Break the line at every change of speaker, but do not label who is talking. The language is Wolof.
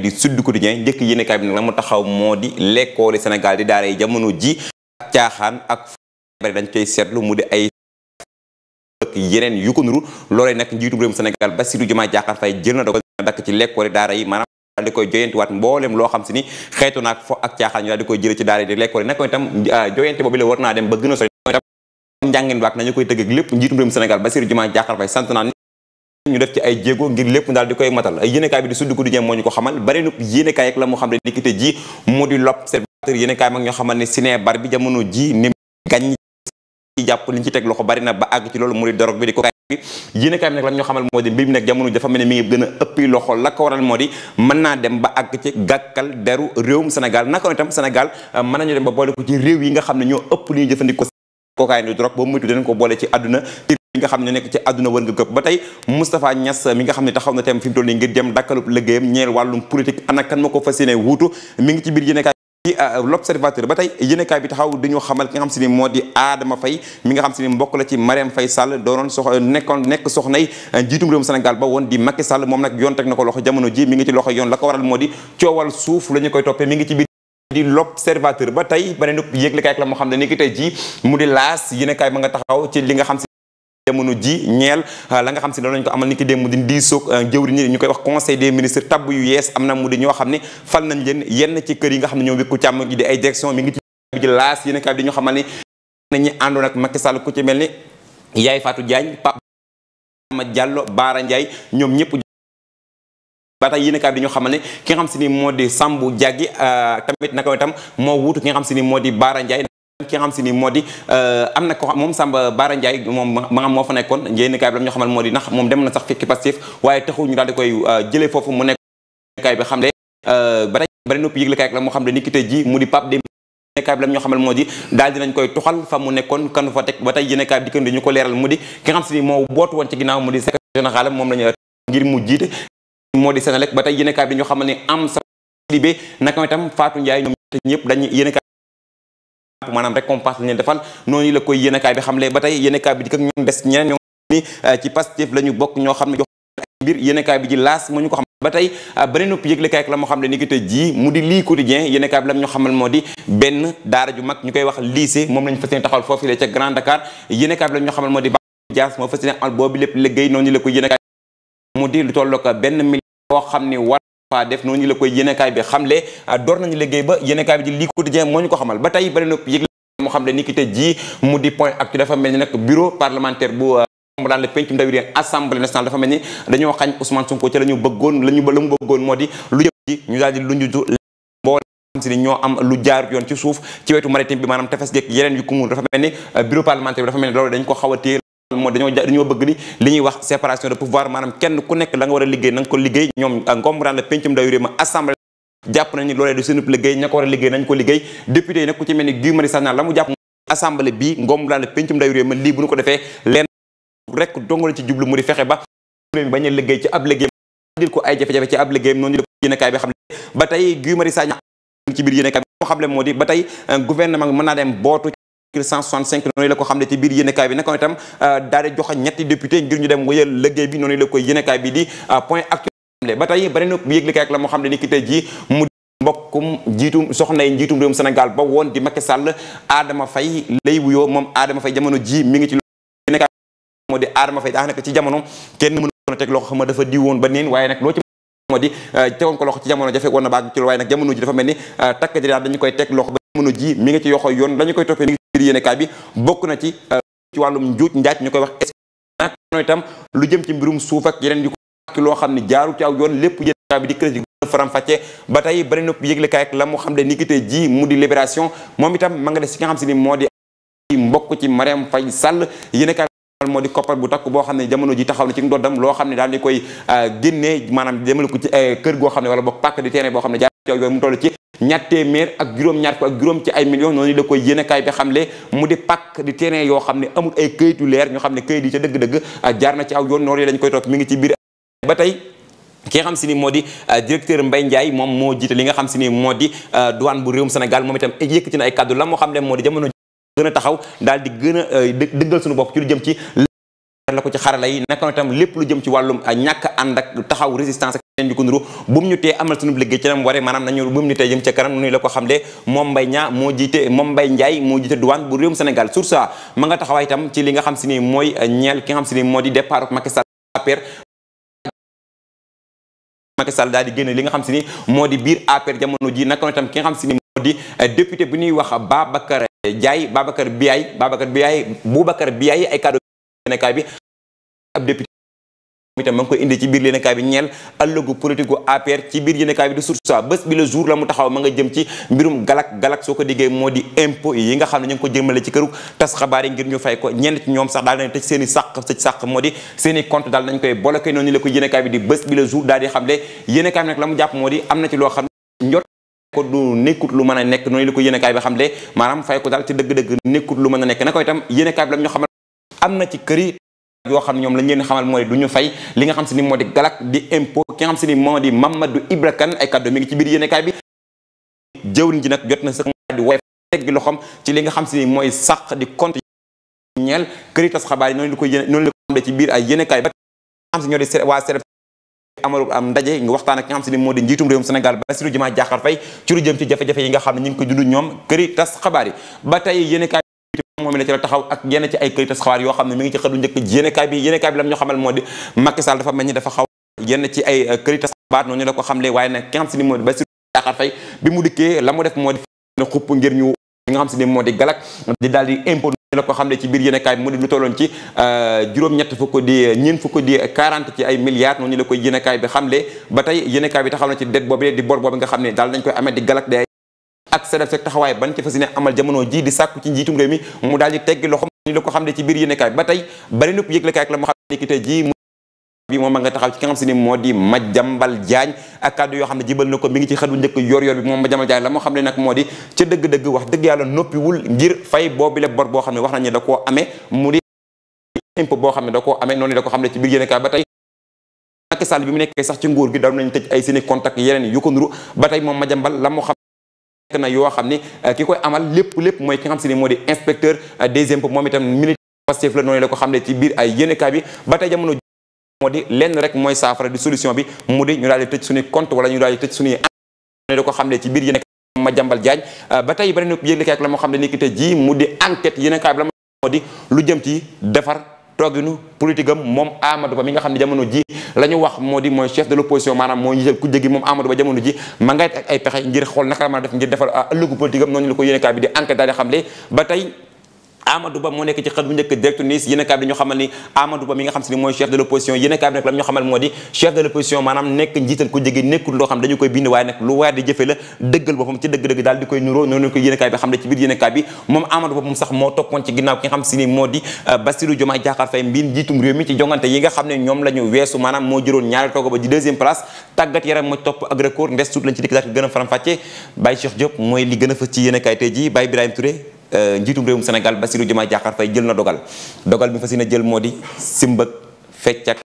di Sud Quotidien njëkk yéenekaay bi nag la mu taxaw moo di lekkooli Sénégal di daara yi jamono ji ak caaxaan ak bari dañ koy seetlu mu di ay ak yeneen yu ko nuru loolee nag njiitu réewum Sénégal Bassirou Diomaye Diakhar Faye jël na dogal dakk ci lekkooli daara yi maanaam daal di koy waat mbooleem loo xam si ni xeetu naag fo ak caaxaan ñu daal di koy jëlee ci daara yi di lekkooli nag itam ah, joyante boobu naa dem ba gën a sori njàngin waak nañu koy tëgg ak lépp njiitu réewum Sénégal Bassirou Diomaye Diakhar Faye sant naa ñu def ci ay jéego ngir lépp daal di koy matal ay yéenekaay bi di suddu ko du ñeem moo ñu ko xamal bari nu yéenekaay ak la mu xam ne dikkite ji mu di l'Observateur yéenekaay bi jamono ji ni jàpp liñ ci teg loxo bari na ba àgg ci loolu mu di dorog bi di ko bi yéenekaay bi nag la ñoo xamal moo di mbir mi nag jamono dafa mel ne mi ngi gën a ëppi loxo la ko waral moo di mën naa dem ba àgg ci gàkkal deru réewum Sénégal naka itam Sénégal euh, mën nañu dem ba boole ko réew yi nga xam ne ñoo ëpp li ñu jëfandikoo cocaïne du drogue boobu muytu ko boole ci àdduna nga xam ne nekk ci àdduna wër ba tey Moustapha Niass mi nga xam ne taxaw na tem fi mu toll nii ngir dem dakkalub ñeel wàllum politique ana kan ko fas euh, si ni moo di Adama Faye mi nga xam si ni mbokk la ci Mariam Faye Sall doonoon nekkoon nekk soxnay euh, njiitum réewum Sénégal ba woon di Macky Sall moom nag yoon teg na ko loxo jamono ji mi ngi ci loxo yoon la ko waral moo di coowal suuf la koy toppee mi ngi ci biir di ba tey beneen ne ni ki tey ji jamono ji ñeel ah, la nga xam si danañ ko amal ni ki démb di diisoog euh, jëwri ñi ñu koy wax conseil des ministres tabb yu yees am na mu di ñoo xam ne fal nañ leen yenn ci kër yi nga xam ne ñoo wékku càmm gi di ay direction mi ngi a di ñu xamal ni nañu àndoon ak Macky Sall ku ci mel ni Yaay Fatou Diagne Pape Amath Diallo Baara Ndiaye ñoom ñëpp ba tax yéen ñu xamal ne ki nga ni moo di Sambou Diaggi euh, tamit naka itam moo wuutu ki nga xam si ni moo di Baara Ndiaye ki nga xam si ni moo di euh, am na ko moom Samba Bara Ndiaye moom ma moo fa nekkoon njéeni bi la ñu xamal moo di ndax moom dem na sax euh, euh, ki tey moo di daal dinañ koy tuxal fa mu nekkoon kanu fa teg ba tey yéenekaay bi dikkandi ñu ko leeral mu di ki xam si ni moo boot woon ci ginnaaw mu di secrétaire général moom lañu ngir mu jiite moo di Senelec ba tey yéenekaay bi ñu xamal maanaam récompense la ñu defal noonu la koy yéenekaay bi xamle ba tey yéenekaay bi di kak ñoom ñeneen ci Pastef la ñu bokk ñoo xam ne jox ay bi ji la moo xam ne jii mu di lii quotidien yéenekaay bi la ñu xamal moo di benn daara ju mag ñu koy wax lycée moom lañu fas taxawal foofu la ca Grand Dakar yéenekaay bi la xamal moo di ba Dias moo fas yéene boobu lépp liggéey noonu la ko yéenekaay mu di lu tolloog benn million pas def noonu ñu koy yéenekaay bi xamle ah, door nañu liggéey ba yéenekaay bi di lii quotidien moo ñu ko xamal ba tey bari na yëgle moo xam ne ni ki tey mu di point actu dafa mel ni nag bureau parlementaire bu ah, mu daan bëggoon la la mu bëggoon moo di lu jëm ci ñu daal di lu ñu si ñoo am lu jaar yoon ci suuf ci wetu maritime bi maanaam tefes geeg yeneen yu kumul dafa mel ni ah, bureau parlementaire dafa mel ni loolu dañ ko xaw mooy dañoo dañoo bëgg ni li ñuy wax séparation de pouvoir maanaam kenn ku nekk la nga a liggéey na ko liggéey ñoom comprendre péncum ndawi réew ma jàpp nañu loolee du seenub liggéey ña ko a liggéey nañ ko liggéey député yi nag ci mel ni Guy Marius Sagna jàpp assemblée bi ngom daal péncum ndawi lii bu ñu ko defee leen rek dong ci jublu mu fexe ba bañ a liggéey ci ab liggéeyam noonu la yéenekaay bi xam ne ba tey Guy Marius ci 165 noonu la ko xam ne ci biir yéenekaay bi naka itam euh, daal di joxe ñetti député ngir ñu dem wéyal liggéey bi noonu la koy yéenekaay bi di euh, point actuel ba tey beneen bu yëglekaay ak la moo xam ne ni ki tey jii mu mbokkum jiitum soxna yi njiitum réewum Sénégal ba woon di Macky Sall Adama Faye lay wuyoo moom Adama Faye jamono ji mi ngi ci yéenekaay moo di Adama Faye daanaka ci jamono kenn mënu ko woon ba neen waaye nag loo ci moo di euh, tegoon ko loxo waaye nag jamono ji dafa mel ni takk ji daal dañu koy ba jamono ji mi ngi biir yéenekaay bi bokk na ci euh, ci wàllum njuuj njaaj ñu koy wax escroc nag itam lu jëm ci mbirum suuf yeneen yu ko loo xam ne jaaru ci aw yoon lépp yéenekaay di critique faram fàcce ba tey bari na yëglekaay ak la mu ne ni ki tey mu di libération moom ma nga def si nga xam si ni boo xam ne jamono ji ne daal di koy euh, génnee maanaam demale ci euh, kër goo xam ne wala boog pàkk di terrain boo xam ne jaar yoon mu toll ci ñaar téeméer ak juróom-ñaar ko ak juróom ci ay millions noonu la koy yéenekaay bi xam le mu di pàkk di terrain yoo xam ne amul ay këyitu leer ñu xam ne këyit yi ca dëgg-dëgg ah, jaar na ci aw yoon noonu lañ koy topp mi ngi ci biir ba tey ki nga xam si ni moo di ah, directeur mbay Ndiaye moom moo jiite li nga xam si ni moo di ah, douane bu réewum Sénégal moom itam yëkkati na ay kàddu la moo xam ne moo di jamono gën taxaw daal di gën a dëggal sunu bopp ci lu jëm ci la ko ci xarala yi naka itam lépp lu jëm ci wàllum ñàkk ànd ak taxaw résistance ñu ko nuru bu mu ñu tee amal sunu liggéey ci nam waree maanaam nañu bu mu ñu tee jëm ca kanam nuñu la ko xam le moom Mbaye Niang moo jiite moom Mbaye Ndiaye moo jiite douane bu réewum Sénégal sur ça ma nga taxawaay itam ci li nga xam si ni mooy ñeel ki nga xam si ni moo di départ Macky Sall APR Macky Sall daal di génn li nga xam si ni moo di biir APR jamono ji naka itam ki nga xam si ni moo di député bu ñuy wax Babacar Ndiaye Babacar Biaye Babacar Biaye Boubacar Biaye ay kàddu bi ab député mi tam koy indi ci biir yéenekaay bi ñeel ëllëgu politique gu ci biir yéenekaay bi di source bés bi jour la mu taxaw ma nga jëm ci mbirum galak galak soo ko diggee moo di impôt yi nga xam ne ñu ko jëmale ci këru tas xabaar yi ngir ñu fay ko ñenn ci ñoom sax daal nañ tëj seen i sàq moo di seen i daal nañ koy bloqué noonu la ko bi di bés bi jour daal di xamle yéenekaay bi nag la mu jàpp moo di am na ci loo xam njot yoo xam ñoom lañ leen xamal mooy du ñu li nga xam si ni moo di galak di impôt ki xam si ni moo di Mamadou Ibra Kane ay kàddu mi ngi ci biir yéenekaay bi jëwriñ ji nag jot na sëkk di woy teggi loxoom ci li nga xam si ni mooy sàq di compte ñeel këri tas xabaar yi noonu la ko yéen noonu la ko xamle ci biir ay yéenekaay ba xam si ñoo di waa seref amalu am ndaje nga waxtaan ak nga xam si ni moo di njiitum réewum Sénégal Bassirou Diomaye Diakhar Faye ci lu jëm ci jafe-jafe yi nga xam ne ñu ngi ko dund ñoom këri tas xabaar yi ba tey yéenekaay moom la ci la taxaw ak yenn ci ay këyit xabaar yoo xam ne mi ngi ci xëdu njëkk yéenekaay bi yéenekaay bi ñu xamal moo di Macky dafa mel ni dafa euh, xam si moo di Bassirou Diomaye Faye moo di na xupp ngir ñu nga xam si ni ci biir yéenekaay bi mu di lu tolloon ci euh, juróom-ñett fukk di euh, ñeen fukk di 40 ci ay milliards noonu la koy yéenekaay bi xamle ba tey yéenekaay bi taxaw na ci det boobu di bor boobu nga xam ne daal dañ koy amee di galak SEDEF ak taxawaay ban ci fas yéene amal jamono ji di sàkku ci njiitum réew mi mu daal di teggi loxo ñu la ko xam ne ci biir yéenekaay ba tey bari ko mi ngi ci xëdu njëkk yor yor bi moom Madiambal Diagne la moo xam ne nag moo di ca dëgg-dëgg wax dëgg yàlla noppiwul ngir fay boobu la bor boo xam ne wax nañu da ko amee mu di boo xam ne da koo amee noonu da ko xam ne ci biir yéenekaay ba tey Macky Sall bi mu nekkee sax ci nguur gi daal nañ tëj ay seeni contact yeneen yu ko nuru ba tey moom Madiambal la moo xam na yoo xam ni euh, ki koy amal lépp lépp mooy ki nga xam si ni moo di inspecteur euh, des impôts moom itam militaire Pastef la la ko xam ne ci biir ay yéenekaay bi ba tey jamono moo di lenn rek mooy saafara di solution bi mu di ñu daal di tëj suñuy compte wala ñu daal di tëj suñuy noonu la ko xam ne ci biir yéenekaay ma jàmbal jaañ ba tey beneen yéenekaay la moo xam ne ni ki tey jii mu di enquête yéenekaay bi la moo di lu jëm defar tooginu politique am moom Amadou Ba mi nga xam ne jamono ji la wax moo di mooy chef de l'opposition maanaam mooy ku jéggi moom Amadou Ba jamono ji ma ngay ak ay pexe ngir xool naka la mën def ngir defal ah, ëllëgu politique am noonu la ko yéene kaay bi di enquête daal xam le ba tey Amadou Ba moo nekk ci xët bu njëkk direct news yéen a kaay bi dañu xamal a a kaay bi xam ne ci moom sax moo toppoon ci ginnaaw ki nga xam si ni moo di euh, Bassirou Diomaye Diakhar Faye mbir njiitum réew mi ci jongante yi nga xam ne ñoom la ñu weesu maanaam moo juróon ñaari toogo ba di deuxième place tàggat yaram mooy topp ak ndes tuut lañ ci dikk daal gën a faram-fàcce Baye Cheikh mooy li gën fës ci yéen tey ji Baye Birahim Euh, njiitum réewum Sénégal Bassirou Diomaye Diakhar Faye jël na dogal dogal bi fas yéene jël moo di simbëg feccak